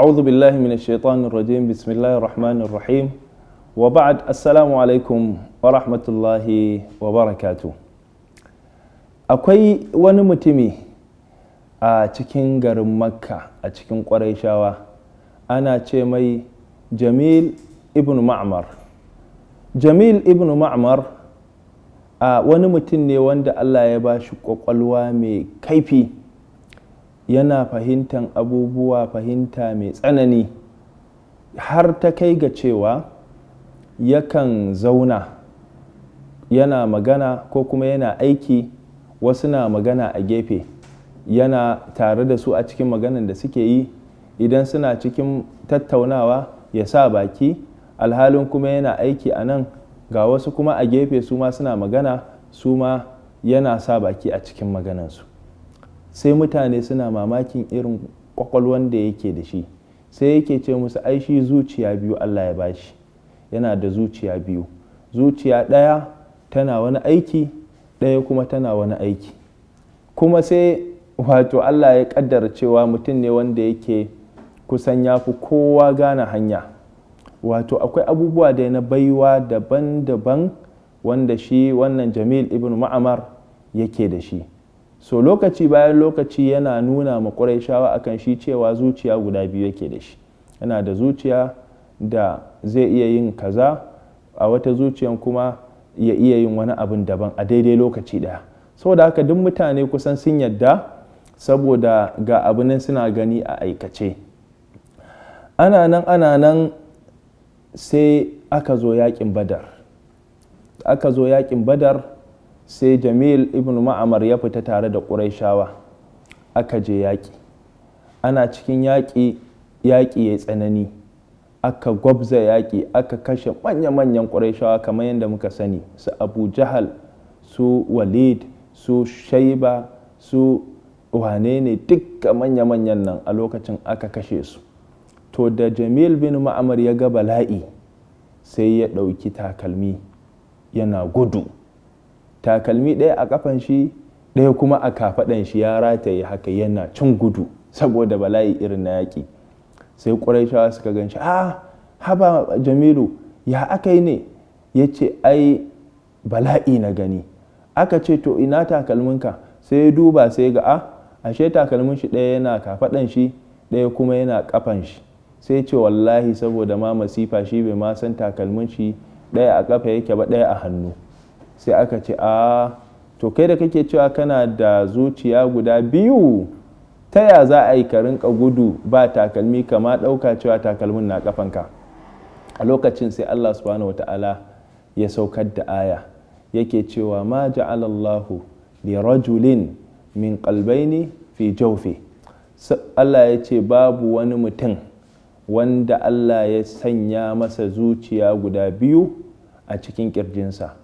أعوذ بالله من الشيطان الرجيم بسم الله الرحمن الرحيم وبعد السلام عليكم ورحمة الله وبركاته akwai wani mutumi a cikin garin makka a cikin ƙwaraishawa ana ce mai jamil ibn ma'amar jamil ibn ma'amar wani mutum ne wanda allah ya ba shi ƙwaƙwalwa mai kaifi yana fahimtan abubuwa fahimta mai tsanani har ta kai ga cewa yakan zauna yana magana ko kuma yana aiki wasu na magana a gefe yana tare da su a cikin maganan da suke yi idan suna cikin tattaunawa ya sa baki alhalin kuma yana aiki a nan ga wasu kuma a gefe su ma suna magana su ma yana sa baki a cikin maganansu sai mutane suna mamakin irin kwakwalwan da yake da shi sai yake ce musu ai shi zuciya biyu Allah ya bashi yana da zuciya biyu zuciya ɗaya tana wani aiki ɗaya kuma tana wani aiki kuma sai wato Allah ya kaddara cewa mutum ne wanda yake kusan ya fi kowa gane hanya wato akwai abubuwa da na baiwa daban-daban wanda shi wannan jamil ibn ma'amar yake da shi so lokaci bayan lokaci yana nuna ma shawa akan shi cewa zuciya guda biyu yake da shi yana da zuciya da zai iya yin kaza a wata zuciyan kuma ya iya yin wani abin daban a daidai lokaci daya saboda haka duk mutane kusan sun yadda saboda ga abu nan suna gani a aikace ana nan ana nan sai aka zo yakin badar aka zo yakin badar sai jamil ibn ma'amar ya fita tare da ƙuraishawa aka je yaƙi ana cikin yaƙi yaƙi ya tsanani aka gwabza yaƙi aka kashe manya-manyan ƙuraishawa kamar yadda muka sani su abu jahal su walid su shaiba su wane ne dukkan manya-manyan nan a lokacin aka kashe su to da jamil bin ma'amar ya ga bala'i sai ya ɗauki takalmi yana gudu takalmi ɗaya a kafan shi ɗaya kuma a kafaɗan shi ya rataye haka yana cin gudu saboda bala'i irin na yaƙi sai ƙuraishawa suka gan shi a ah, haba jamilu ya aka yi ne ya ce ai bala'i na gani aka ce to ina takalminka sai ya duba sai ga a ah, ashe takalmin shi ɗaya yana kafaɗan shi ɗaya kuma yana kafan shi sai ce wallahi saboda ma masifa shi bai ma san takalmin shi ɗaya a ƙafa yake ba ɗaya a hannu sai aka ce a to kai da kake cewa kana da zuciya guda biyu ta ya za a yi ka rinka gudu ba takalmi kama ɗauka cewa takalmin na ƙafanka a lokacin sai allah subhanahu wa ta'ala ya saukar da aya yake cewa ma ja'alallahu li rajulin min kalbaini fi jaufe allah ya ce babu wani mutum wanda allah ya sanya masa zuciya guda biyu a cikin ƙirjinsa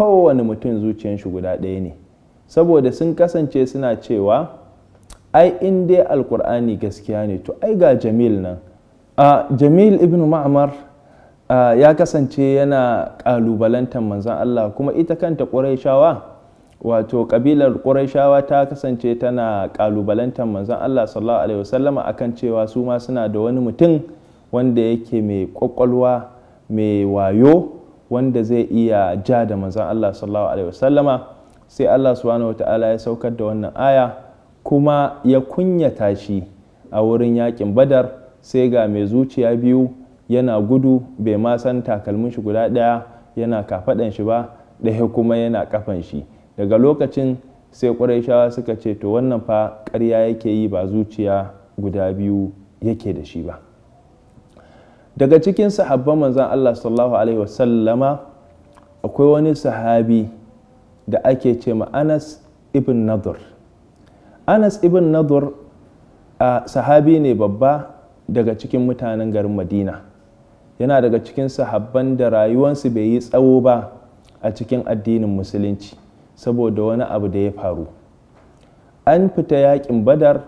kowane mutum zuciyar shi guda ɗaya ne saboda sun kasance suna cewa ai in dai alkur'ani gaskiya ne to ai ga jamil nan a jamil ibn ma'amar ya kasance yana ƙalubalantar manzan allah kuma ita kanta ƙuraishawa wato ƙabilar ƙuraishawa ta kasance tana ƙalubalantar manzan allah sallallahu alaihi wasallama akan cewa su ma suna da wani mutum wanda yake mai ƙwaƙwalwa mai wayo wanda zai iya ja da manzon Allah sallallahu alaihi wasallama sai Allah subhanahu wataala ya saukar da wannan aya kuma ya kunyata shi a wurin yakin badar sai ga mai zuciya biyu yana gudu bai ma san takalmin shi guda ɗaya yana kafaɗan shi ba ɗaya kuma yana kafan shi daga lokacin sai shawa suka ce to wannan fa ƙarya yake yi ba zuciya guda biyu yake da shi ba daga cikin sahabban manzan Allah sallallahu alaihi wasallama akwai wani sahabi da ake ce ma Anas ibn Nadur Anas ibn Nadur a sahabi ne babba daga cikin mutanen garin Madina yana daga cikin sahabban da rayuwansu bai yi tsawo ba a cikin addinin musulunci saboda wani abu da ya faru an fita yaƙin badar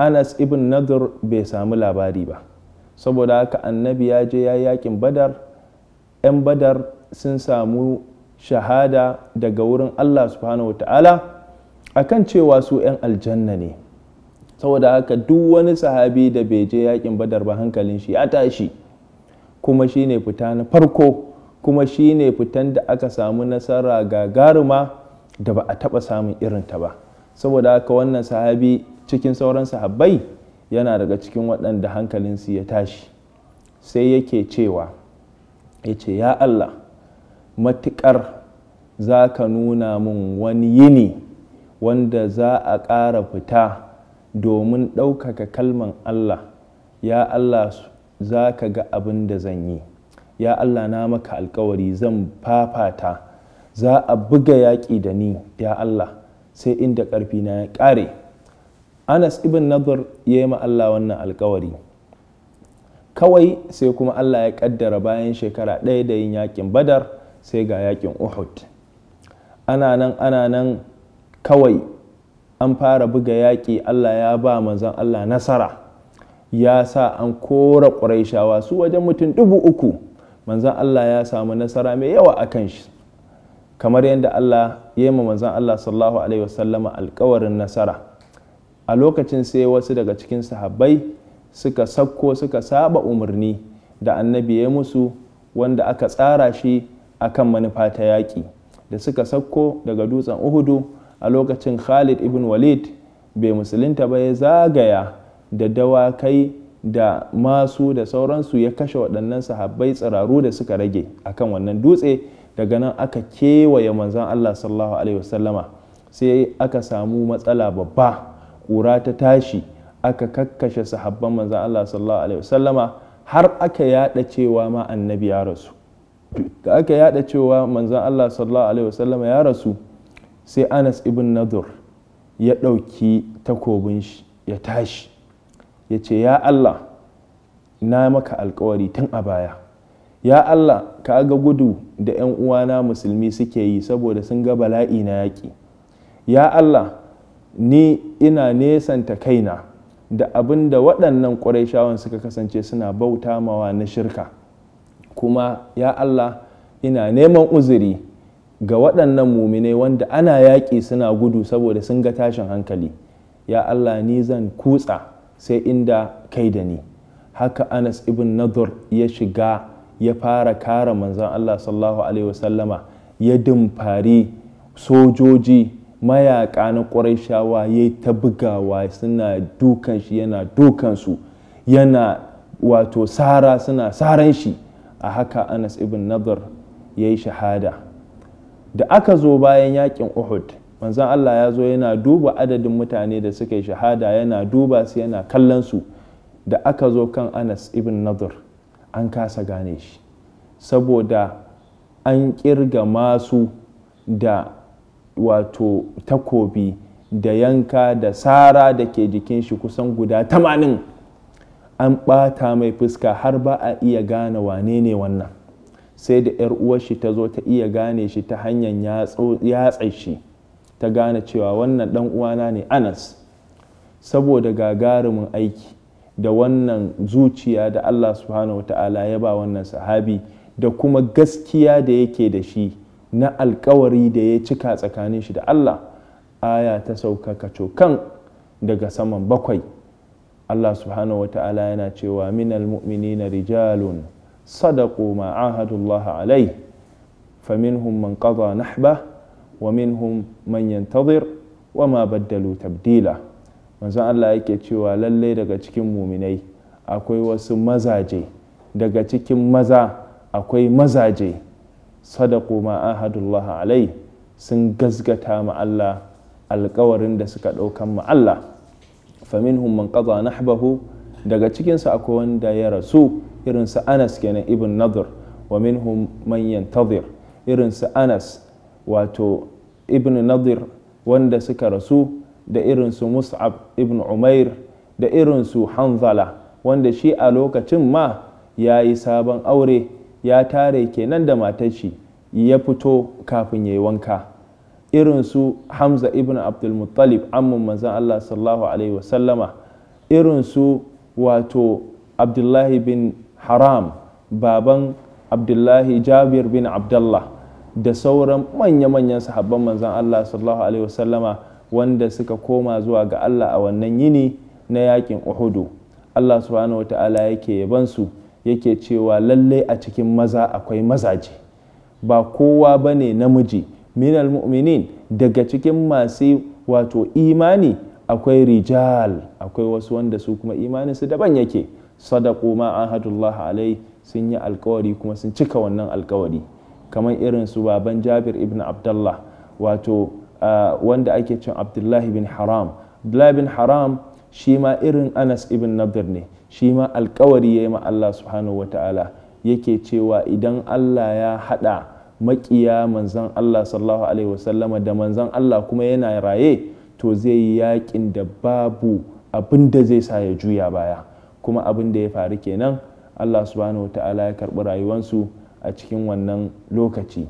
anas ibn nadur bai samu labari ba saboda haka annabi ya je ya yakin badar 'yan badar sun samu shahada daga wurin allah subhanahu wata'ala kan cewa su 'yan aljanna ne saboda haka duk wani sahabi da bai je yakin badar ba hankalin shi ya tashi kuma shi ne fita na farko kuma shi ne fitan da aka samu nasara gagaruma da ba a taba samun irinta ba saboda haka wannan sahabi cikin sauran sahabbai yana daga cikin waɗanda hankalinsu ya tashi sai yake cewa ya ce ya Allah matuƙar za ka nuna min wani yini wanda za a ƙara fita domin ɗaukaka kalman Allah ya Allah za ka ga abin da zan yi ya Allah na maka alkawari zan fafata za a buga yaƙi da ni ya Allah sai inda ƙarfi na ya ƙare anas ibn nadar ya yi Allah wannan alkawari kawai sai kuma Allah ya kaddara bayan shekara ɗaya da yin yakin badar sai ga yakin uhud ana nan ana nan kawai an fara buga yaƙi Allah ya ba manzon Allah nasara ya sa an kora ƙuraishawa su wajen mutum dubu uku manzan Allah ya samu nasara mai yawa a kan shi kamar yadda Allah ya yi manzan Allah sallallahu alaihi wasallama alkawarin nasara a lokacin sai wasu daga cikin sahabbai suka sakko suka saba umarni da annabi ya musu wanda aka tsara shi akan manufa ta yaƙi da suka sakko daga dutsen uhudu a lokacin khalid ibn walid bai musulunta ba ya zagaya da dawakai da masu da sauransu ya kashe waɗannan sahabbai tsiraru da suka rage akan wannan dutse daga nan aka kewaye manzan allah sallallahu alaihi wasallama sai aka samu matsala babba ƙura ta tashi aka kakkashe sahabban manzan Allah sallallahu alaihi wasallama har aka yada cewa ma annabi ya rasu da aka yada cewa manzan Allah sallallahu alaihi wasallama ya rasu sai Anas ibn Nadur ya ɗauki takobin shi ya tashi ya ce ya Allah na maka alkawari tun a baya ya Allah ka ga gudu da 'yan uwana musulmi suke yi saboda sun ga bala'i na yaƙi ya Allah ni ina nesanta kaina da abin da waɗannan ƙwarai suka kasance suna bauta mawa na shirka kuma ya Allah ina neman uzuri ga waɗannan muminai wanda ana yaƙi suna gudu saboda sun ga tashin hankali ya Allah ni zan kutsa sai inda kai da ni haka Anas ibn Nadur ya shiga ya fara kara manzon Allah sallallahu alaihi wasallama ya dimfari sojoji mayaƙa na ƙwarishawa ya yi ta bugawa suna dukan shi yana dukansu yana wato sara suna saran shi a haka anas ibn nadar ya yi shahada da aka zo bayan yakin uhud manzan allah ya zo yana duba adadin mutane da suka yi shahada yana duba su yana kallon su da aka zo kan anas ibn nadar an kasa gane shi saboda an kirga masu da wato takobi da yanka da sara da ke jikin shi kusan guda tamanin an ɓata mai fuska har ba a iya gane wane ne wannan sai da 'yar uwar shi ta zo ta iya gane shi ta hanyar yatsa shi ta gane cewa wannan dan uwana ne anas saboda gagarumin aiki da wannan zuciya da allah subhanahu wata'ala ya ba wannan sahabi da kuma gaskiya da yake da shi na alkawari da ya cika tsakanin shi da Allah aya ta saukaka cokan daga saman bakwai Allah subhanahu wa ta'ala yana cewa minal mu'minina rijalun sadaqu ma ahadullah alai faminhum man qada nahba wa minhum man yantazir wa ma baddalu tabdila manzon Allah yake cewa lalle daga cikin muminai akwai wasu mazaje daga cikin maza akwai mazaje sadaku ma ahadullah alai sun gazgata ma Allah alkawarin da suka ɗaukan ma Allah faminhum man qada nahbahu daga cikinsu akwai wanda ya rasu irin su Anas kenan ibn Nadir wa minhum man yantazir irin su Anas wato ibn Nadir wanda suka rasu da irin su Mus'ab ibn Umair da irin su Hanzala wanda shi a lokacin ma ya yi sabon aure ya tare kenan da matashi ya fito kafin ya yi wanka irin su hamza ibn abdulmuttalib amman manzan allah sallallahu alaihi wasallama irin su wato abdullahi bin haram baban abdullahi jabir bin abdullah da sauran manya-manyan sahabban manzan allah sallallahu alaihi wasallama wanda suka koma zuwa ga allah a wannan yini na yakin uhudu allah subhanahu wa ta'ala yake yabansu su yake cewa lallai a cikin maza akwai mazaje ba kowa ba ne namiji minal mu'minin daga cikin masu wato imani akwai rijal akwai wasu wanda su kuma imanin su daban yake sadaku ma ahadullah alai sun yi alkawari kuma sun cika wannan alkawari kamar irin su baban jabir ibn abdullah wato wanda ake cin abdullahi bin haram abdullahi bin haram shi ma irin anas ibn nadir ne shi ma alkawari ya yi ma Allah subhanahu wata'ala yake cewa idan Allah ya haɗa maƙiya manzan Allah sallallahu alaihi wasallama da manzan Allah kuma yana raye to zai yi yaƙin da babu abin da zai sa ya juya baya kuma abin da ya faru kenan Allah subhanahu wata'ala ya karɓi rayuwansu a cikin wannan lokaci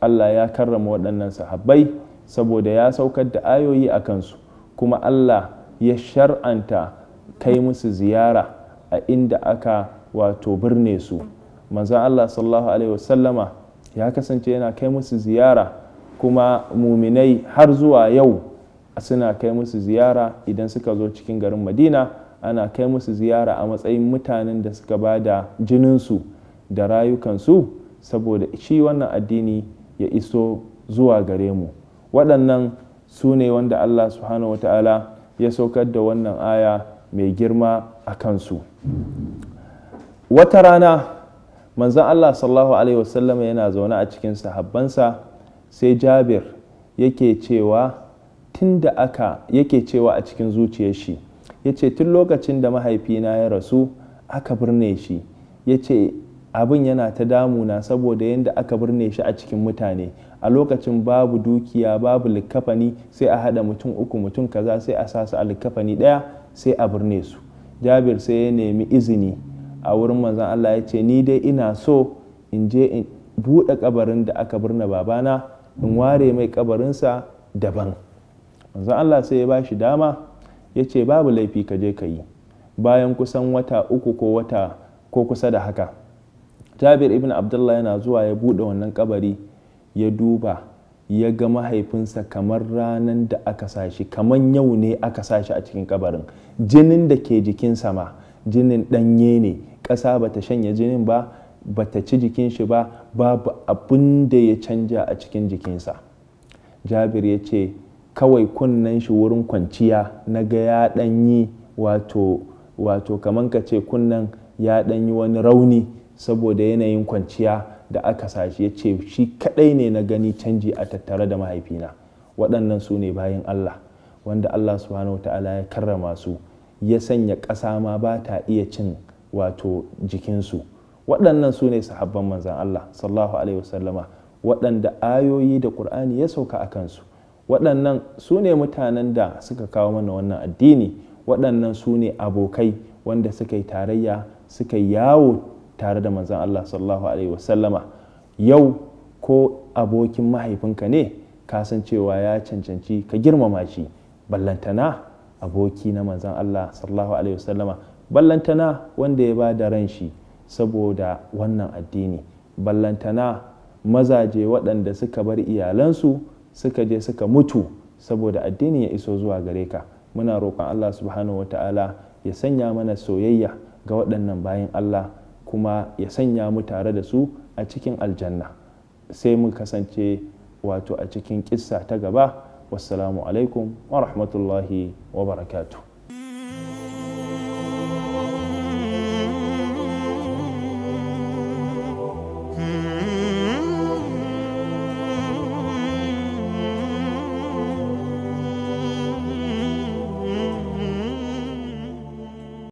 Allah ya karrama waɗannan sahabbai saboda ya saukar da ayoyi a kansu kuma Allah ya shar'anta kai musu ziyara a inda aka wato birne su manzan Allah sallallahu alaihi wasallama ya kasance yana kai musu ziyara kuma muminai har zuwa yau suna kai musu ziyara idan suka zo cikin garin madina ana kai musu ziyara a matsayin mutanen da suka ba da jininsu da rayukansu saboda shi wannan addini ya iso zuwa gare mu waɗannan su ne wanda allah subhanahu wata'ala ya saukar da wannan aya mai girma a kansu wata rana manzan allah sallallahu alaihi wasallama yana zaune a cikin sahabbansa sai jabir yake cewa tun da aka yake cewa a cikin zuciyar shi ya ce tun lokacin da mahaifina ya rasu aka birne shi ya ce abin yana ta damuna saboda yadda aka birne shi a cikin mutane a lokacin babu dukiya babu likkafani sai a haɗa mutum uku mutum kaza sai a sa su a likkafani ɗaya sai a birne su jabir sai ya nemi izini a wurin manzan allah ya ce ni dai ina so in je in buɗe kabarin da aka birna babana in ware mai kabarinsa daban manzan allah sai ya ba shi dama ya ce babu laifi ka je ka yi bayan kusan wata uku ko wata ko kusa da haka jabir ibn abdullah yana zuwa ya buɗe wannan kabari ya duba ya ga mahaifinsa kamar ranar da aka sa shi kamar yau ne aka sa shi a cikin kabarin jinin da ke jikin sama jinin ɗanye ne ƙasa ba ta shanya jinin ba ba ta ci jikin shi ba babu abin da ya canja a cikin jikinsa jabir ya ce kawai kunnen shi wurin kwanciya na ga ya ɗanyi wato wato kamar ka ce kunnen ya ɗanyi wani rauni saboda yanayin kwanciya da aka sashi ya ce shi kadai ne na gani canji a tattare da mahaifina waɗannan su ne bayan Allah wanda Allah subhanahu wa ta'ala ya karrama su ya sanya ƙasa ma ba ta iya cin wato jikinsu waɗannan su ne sahabban manzan Allah sallallahu alaihi wasallama waɗanda ayoyi da ƙur'ani ya sauka a kansu waɗannan su ne mutanen da suka kawo mana wannan addini waɗannan su ne abokai wanda suka yi tarayya suka yawo tare da manzon Allah sallallahu alaihi wasallama yau ko abokin mahaifinka ne kasancewa ya cancanci ka girmama shi ballantana aboki na manzan Allah sallallahu alaihi wasallama ballantana wanda ya ba da ran shi saboda wannan addini ballantana mazaje waɗanda suka bar iyalansu suka je suka mutu saboda addini ya iso zuwa gare ka muna roƙon Allah subhanahu wa ta'ala ya sanya mana soyayya ga waɗannan bayan Allah kuma ya sanya mu tare da su a cikin aljanna sai mu kasance wato a cikin kissa ta gaba wassalamu alaikum wa rahmatullahi wa barakatuh